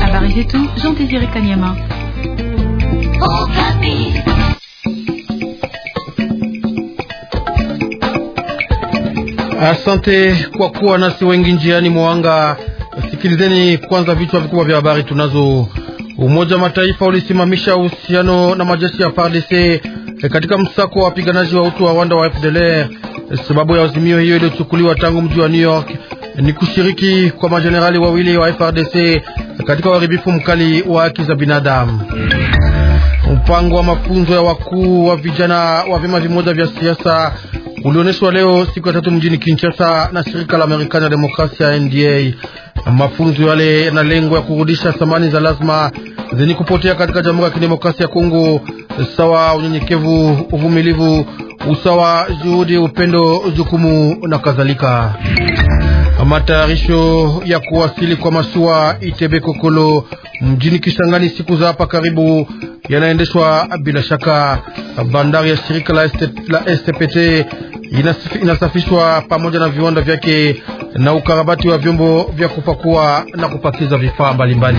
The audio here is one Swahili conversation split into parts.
Habari zetu Jean Désiré Kanyama. Asante kwa kuwa nasi wengi njiani mwanga. Sikilizeni kwanza vichwa vikubwa vya habari tunazo. Umoja wa Mataifa ulisimamisha uhusiano na majeshi ya FARDC katika msako wa wapiganaji wa utu wa Rwanda wa FDLR sababu ya azimio hiyo iliyochukuliwa tangu mji wa New York ni kushiriki kwa majenerali wawili wa FRDC katika uharibifu mkali wa haki za binadamu. Mpango wa mafunzo ya wakuu wa vijana wa vyama vimoja vya siasa ulioneshwa leo siku ya tatu mjini Kinshasa na shirika la amerikani ya demokrasia NDA. Mafunzo yale yana lengo ya kurudisha thamani za lazima zenye kupotea katika Jamhuri ya Kidemokrasia ya Kongo, sawa unyenyekevu, uvumilivu, usawa, juhudi, upendo, jukumu na kadhalika. Matayarisho ya kuwasili kwa mashua Itebe Kokolo mjini Kisangani siku za hapa karibu yanaendeshwa bila shaka. Bandari ya shirika la, este, la STPT inasafishwa pamoja na viwanda vyake na ukarabati wa vyombo vya kupakua na kupakiza vifaa mbalimbali.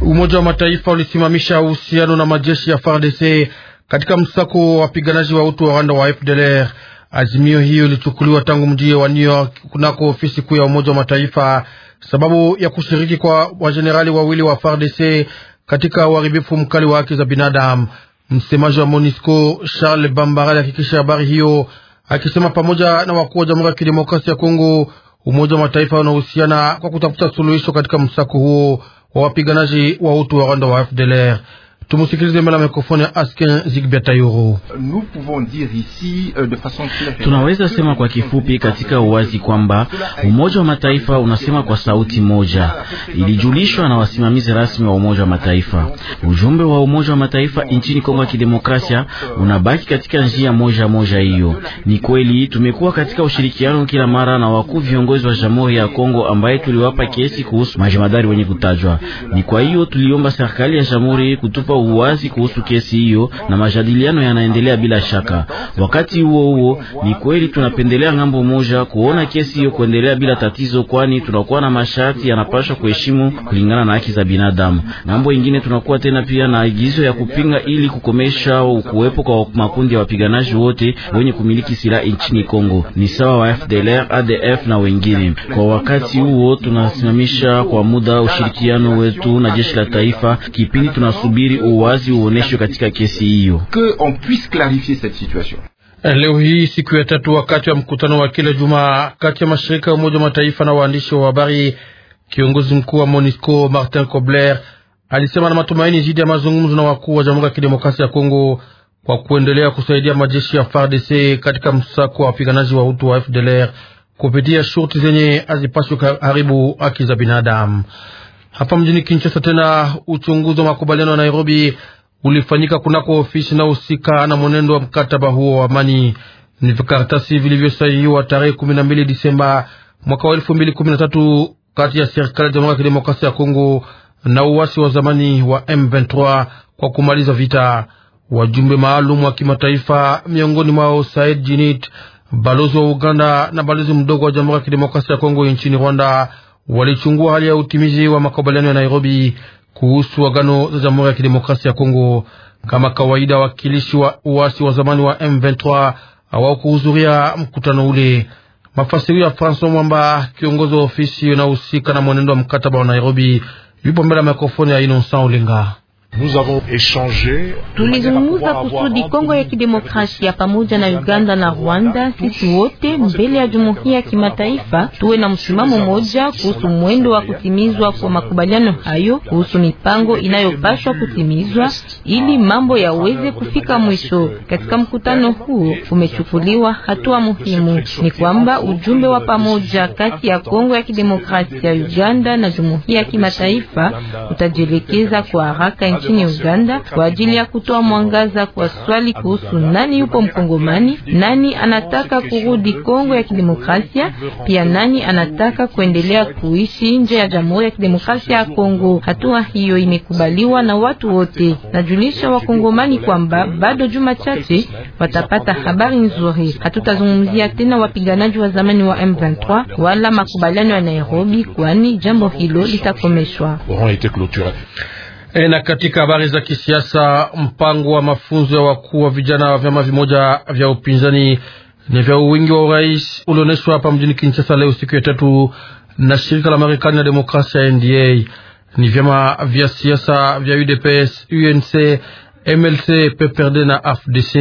Umoja wa Mataifa ulisimamisha uhusiano na majeshi ya FARDC katika msako wa wapiganaji wa utu wa Rwanda wa FDLR. Azimio hiyo ilichukuliwa tangu mji wa New York kunako ofisi kuu ya Umoja wa Mataifa sababu ya kushiriki kwa wajenerali wawili wa FARDC katika uharibifu mkali wa haki za binadamu. Msemaji wa MONUSCO Charles Bambara alihakikisha habari hiyo akisema, pamoja na wakuu wa Jamhuri ya Kidemokrasia ya Kongo, Umoja wa Mataifa unahusiana kwa kutafuta suluhisho katika msako huo wa wapiganaji wa utu wa Rwanda wa FDLR. Tumusikilize mbele ya mikrofoni ya Askin Zigbia Tayoro. Euh, Tunaweza sema kwa kifupi katika uwazi kwamba Umoja wa Mataifa unasema kwa sauti moja, ilijulishwa na wasimamizi rasmi wa Umoja wa Mataifa. Ujumbe wa Umoja wa Mataifa nchini Kongo ya Kidemokrasia unabaki katika njia moja moja. Hiyo ni kweli, tumekuwa katika ushirikiano kila mara na wakuu viongozi wa Jamhuri ya Kongo ambaye tuliwapa kesi kuhusu majemadari wenye kutajwa. Ni kwa hiyo tuliomba serikali ya Jamhuri kutupa kutoa uwazi kuhusu kesi hiyo, na majadiliano yanaendelea bila shaka. Wakati huo huo, ni kweli tunapendelea ng'ambo moja kuona kesi hiyo kuendelea bila tatizo, kwani tunakuwa na masharti yanapaswa kuheshimu kulingana na haki za binadamu. Ng'ambo ingine tunakuwa tena pia na agizo ya kupinga ili kukomesha kuwepo kwa makundi ya wapiganaji wote wenye kumiliki silaha nchini Kongo, ni sawa wa FDLR, ADF na wengine. Kwa wakati huo, tunasimamisha kwa muda ushirikiano wetu na jeshi la taifa kipindi tunasubiri uwazi uoneshwe katika kesi hiyo. Eh, leo hii siku ya tatu, wakati wa mkutano wa kila Jumaa kati ya mashirika ya Umoja wa Mataifa na waandishi wa habari, kiongozi mkuu wa MONUSCO Martin Kobler alisema na matumaini zidi ya mazungumzo na wakuu wa Jamhuri ya Kidemokrasia ya Kongo kwa kuendelea kusaidia majeshi ya FARDC katika msako wa wapiganaji wa Hutu wa FDLR kupitia shurti zenye hazipaswi haribu haki za binadamu. Hapa mjini Kinshasa tena uchunguzi wa makubaliano ya Nairobi ulifanyika kunako ofisi na husika na mwenendo wa mkataba huo wa amani. Ni vikaratasi vilivyosainiwa tarehe kumi na mbili Disemba mwaka wa elfu mbili kumi na tatu kati ya serikali ya Jamhuri ya Kidemokrasia ya Kongo na uasi wa zamani wa M23 kwa kumaliza vita. Wajumbe maalum wa kimataifa miongoni mwao Said Jinit, balozi wa Uganda na balozi mdogo wa Jamhuri ya Kidemokrasia ya Kongo nchini Rwanda walichungua hali ya utimizi wa makubaliano ya Nairobi kuhusu agano za Jamhuri ya Kidemokrasia ya Kongo. Kama kawaida, wakilishi wa uasi wa zamani wa M23 hawakuhudhuria mkutano ule. Mafasiri ya Francois Mwamba, kiongozi wa ofisi unaohusika na mwenendo wa mkataba wa Nairobi, yupo mbele ya mikrofoni ya Innocent Olenga. Tulizungumza kusudi Kongo ya Kidemokrasia pamoja na Uganda na Rwanda, sisi wote mbele ya jumuiya ya kimataifa tuwe na msimamo mmoja kuhusu mwendo wa kutimizwa kwa makubaliano hayo, kuhusu mipango inayopashwa kutimizwa ili ah, mambo yaweze kufika mwisho. Katika mkutano huo umechukuliwa hatua muhimu, ni kwamba ujumbe wa pamoja kati ya Kongo ya Kidemokrasia, Uganda na jumuiya ya kimataifa utajielekeza kwa haraka nchini Uganda kwa ajili ya kutoa mwangaza kwa swali kuhusu nani yupo mkongomani, nani anataka kurudi Kongo ya Kidemokrasia, pia nani anataka kuendelea kuishi nje ya Jamhuri ya Kidemokrasia ya Kongo. Hatua hiyo imekubaliwa na watu wote. Najulisha wakongomani kwamba bado juma chache watapata habari nzuri. Hatutazungumzia tena wapiganaji wa zamani wa M23 wala makubaliano ya Nairobi, kwani jambo hilo litakomeshwa. E, na katika habari za kisiasa, mpango wa mafunzo ya wakuu wa vijana wa vyama vimoja vya upinzani ni vya uwingi wa urais ulioneshwa hapa mjini Kinshasa leo siku ya tatu na shirika la Marekani la demokrasia NDA. Ni vyama vya siasa vya UDPS, UNC, MLC, PPRD na AFDC.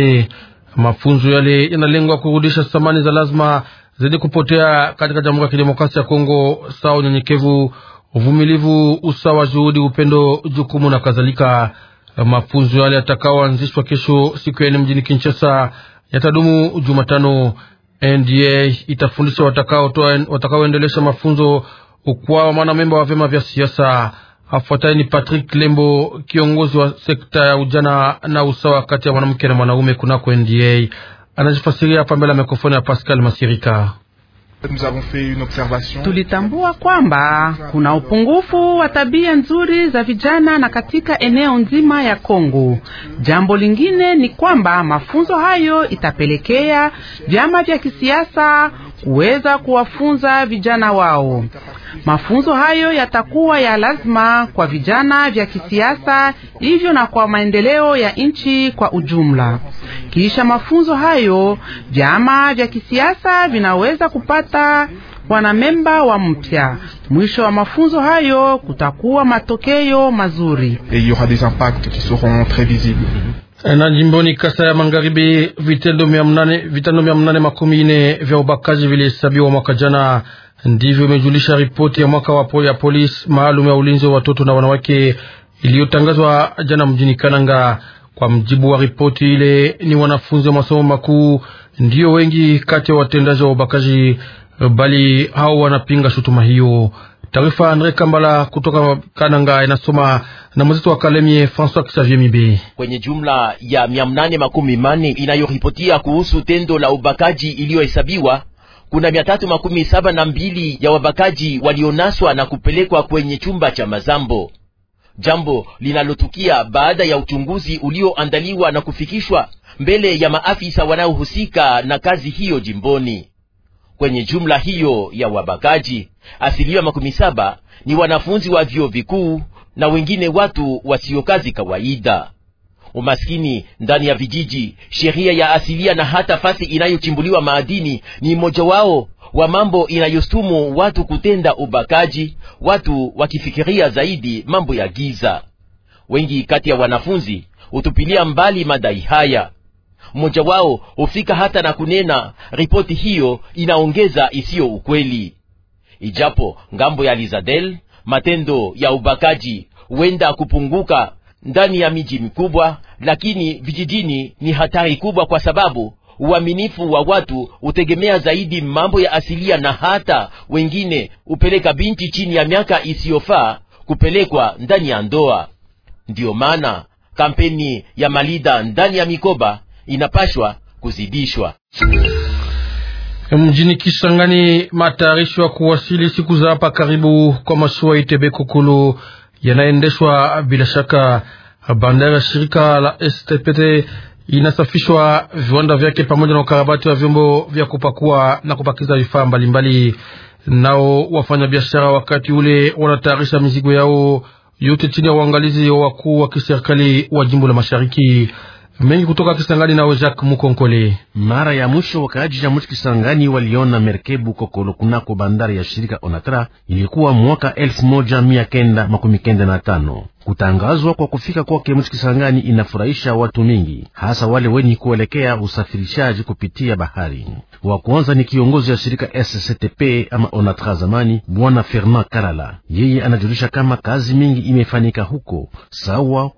Mafunzo yale yanalengwa kurudisha thamani za lazima zenye kupotea katika Jamhuri ya Kidemokrasia ya Kongo, sawa unyenyekevu uvumilivu, usawa, juhudi, upendo, jukumu na kadhalika. Mafunzo yale yatakaoanzishwa kesho siku ya nne mjini Kinshasa yatadumu Jumatano. NDA itafundisha watakaoendelesha watakao mafunzo kwa wanamemba wa vyama vya siasa. Afuataye ni Patrick Lembo, kiongozi wa sekta ya ujana na usawa kati ya mwanamke na mwanaume kunako NDA. Anajifasiria hapa mbele ya mikrofoni ya Pascal Masirika. Tulitambua kwamba kuna upungufu wa tabia nzuri za vijana na katika eneo nzima ya Kongo. Jambo lingine ni kwamba mafunzo hayo itapelekea vyama vya kisiasa kuweza kuwafunza vijana wao. Mafunzo hayo yatakuwa ya lazima kwa vijana vya kisiasa hivyo na kwa maendeleo ya nchi kwa ujumla. Kisha mafunzo hayo, vyama vya kisiasa vinaweza kupata wanamemba wa mpya. Mwisho wa mafunzo hayo kutakuwa matokeo mazuri. Et y aura des impacts qui seront très visibles na jimboni Kasa ya Magharibi, vitendo mia mnane vitendo mia mnane makumi ine vya ubakaji vilihesabiwa mwaka jana. Ndivyo imejulisha ripoti ya mwaka wapo ya polisi maalum ya ulinzi wa watoto na wanawake iliyotangazwa jana mjini Kananga. Kwa mjibu wa ripoti ile, ni wanafunzi wa masomo makuu ndiyo wengi kati ya watendaji wa ubakaji, bali hao wanapinga shutuma hiyo. Taarifa Andre Kambala kutoka Kananga inasoma na mwenzetu wa Kalemie François Xavier Mibe. Kwenye jumla ya mia mnane makumi mane inayoripotia kuhusu tendo la ubakaji iliyohesabiwa kuna mia tatu makumi saba na mbili ya wabakaji walionaswa na kupelekwa kwenye chumba cha mazambo, jambo linalotukia baada ya uchunguzi ulioandaliwa na kufikishwa mbele ya maafisa wanaohusika na kazi hiyo jimboni. Kwenye jumla hiyo ya wabakaji asilia makumi saba ni wanafunzi wa vyuo vikuu na wengine watu wasiokazi kawaida. Umaskini ndani ya vijiji, sheria ya asilia na hata fasi inayochimbuliwa maadini ni mmoja wao wa mambo inayostumu watu kutenda ubakaji, watu wakifikiria zaidi mambo ya giza. Wengi kati ya wanafunzi hutupilia mbali madai haya mmoja wao hufika hata na kunena ripoti hiyo inaongeza isiyo ukweli. Ijapo ngambo ya Lizadel matendo ya ubakaji huenda kupunguka ndani ya miji mikubwa, lakini vijijini ni hatari kubwa, kwa sababu uaminifu wa watu hutegemea zaidi mambo ya asilia, na hata wengine hupeleka binti chini ya miaka isiyofaa kupelekwa ndani ya ndoa. Ndiyo maana kampeni ya malida ndani ya mikoba inapashwa kuzidishwa. Mjini Kisangani, matayarisho ya kuwasili siku za hapa karibu kwa mashua Itebe Kukulu yanaendeshwa bila shaka. Bandari ya shirika la STPT inasafishwa viwanda vyake pamoja na ukarabati wa vyombo vya kupakua na kupakiza vifaa mbalimbali. Nao wafanyabiashara wakati ule wanatayarisha mizigo yao yote chini ya uangalizi wa wakuu wa kiserikali wa jimbo la Mashariki. Mengi kutoka Kisangani nawe Jacques Mukonkole. Mara ya mwisho wakaaji ya mji Kisangani waliona merkebu kokolo kunako bandari ya shirika Onatra ilikuwa mwaka elfu moja mia kenda makumi kenda na tano. Kutangazwa kwa kufika kwake mji Kisangani inafurahisha watu mingi, hasa wale wenye kuelekea usafirishaji kupitia bahari. Wa kwanza ni kiongozi ya shirika SCTP ama Onatra zamani, bwana Fernand Kalala. Yeye anajulisha kama kazi mingi imefanyika huko sawa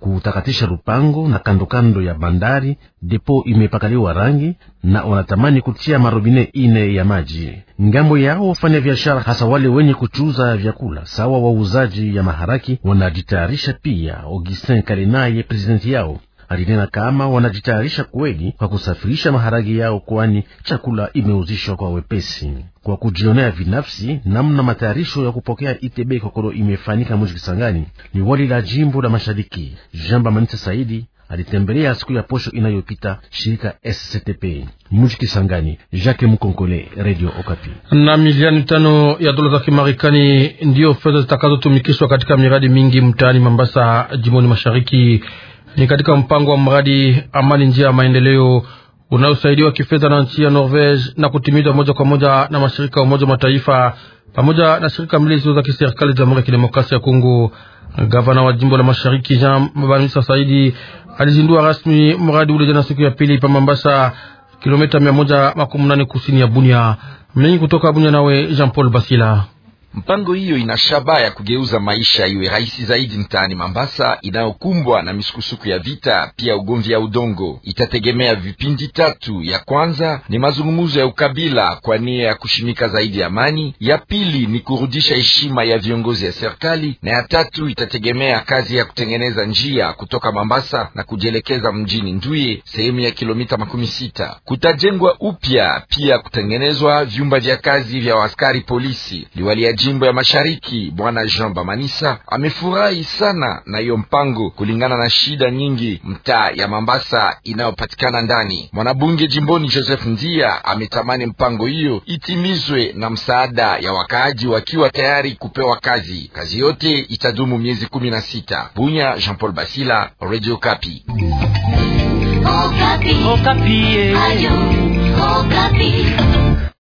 kutakatisha Rupango na kandokando ya bandari. Depo imepakaliwa rangi na wanatamani kutia marobine ine ya maji ngambo yao. Wafanya biashara hasa wale wenye kuchuza vyakula sawa wauzaji ya maharaki wanajitayarisha pia. Augustin Kalinaye, presidenti yao alinena kama wanajitayarisha kweli kwa kusafirisha maharagi yao, kwani chakula imeuzishwa kwa wepesi. Kwa kujionea vinafsi namna matayarisho ya kupokea ITB Kokoro imefanyika mji Kisangani, liwali la jimbo la mashariki Jamba Manisa Saidi alitembelea siku ya posho inayopita shirika SCTP mji Kisangani. Jacques Mkonkole, Radio Okapi. Na milioni tano ya dola za Kimarekani ndiyo fedha zitakazotumikishwa katika miradi mingi mtaani Mambasa, jimboni mashariki ni katika mpango wa mradi Amani njia ya maendeleo unayosaidiwa kifedha na nchi ya Norvege na kutimizwa moja kwa moja na mashirika ya Umoja wa Mataifa pamoja na shirika mbili zilizo za kiserikali Jamhuri ya Kidemokrasia ya Kongo. Gavana wa jimbo la Mashariki Jean Mabanisa Saidi alizindua rasmi mradi ule jana siku ya pili pa Mambasa, kilomita mia moja makumi nane kusini ya Bunia. Mengi kutoka Bunia, nawe Jean Paul Basila. Mpango hiyo ina shabaha ya kugeuza maisha iwe rahisi zaidi mtaani Mambasa, inayokumbwa na misukusuku ya vita, pia ugomvi ya udongo. Itategemea vipindi tatu: ya kwanza ni mazungumzo ya ukabila kwa nia ya kushimika zaidi amani, ya pili ni kurudisha heshima ya viongozi ya serikali, na ya tatu itategemea kazi ya kutengeneza njia kutoka Mambasa na kujielekeza mjini Nduye, sehemu ya kilomita makumi sita. Kutajengwa upya pia kutengenezwa vyumba vya kazi vya askari polisi Liwali jimbo ya mashariki bwana Jean Bamanisa amefurahi sana na hiyo mpango, kulingana na shida nyingi mtaa ya Mambasa inayopatikana ndani. Mwanabunge jimboni Joseph Ndia ametamani mpango hiyo itimizwe na msaada ya wakaaji wakiwa tayari kupewa kazi. Kazi yote itadumu miezi kumi na sita. Bunya, Jean Paul Basila, Radio Kapi. Okapi. Oh, Okapi. Oh, eh. Ayo, Okapi. Oh,